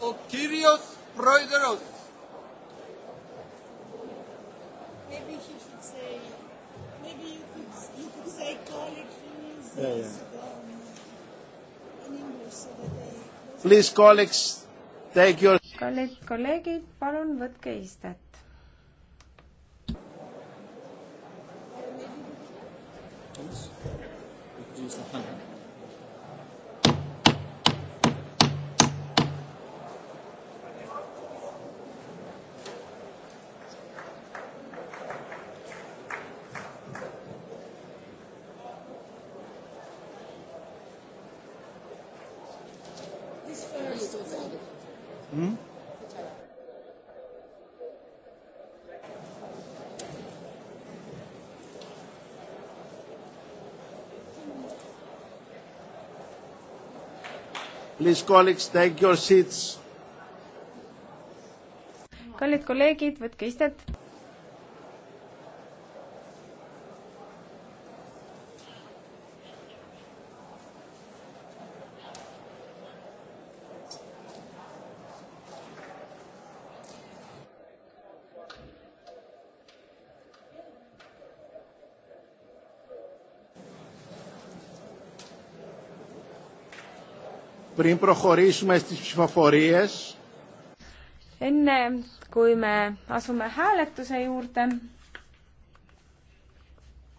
ο κύριος πρόεδρος. Maybe he should say, maybe you could, you could say colleague is yeah, yeah. Um, in English so that they... Please colleagues, take your... Kallid kolleegid, palun võtke istet. Thanks. Hmm? Please, colleagues, take your seats. kallid kolleegid, võtke istet. πριν προχωρήσουμε στις ψηφοφορίες. Enne kui me asume hääletuse juurde,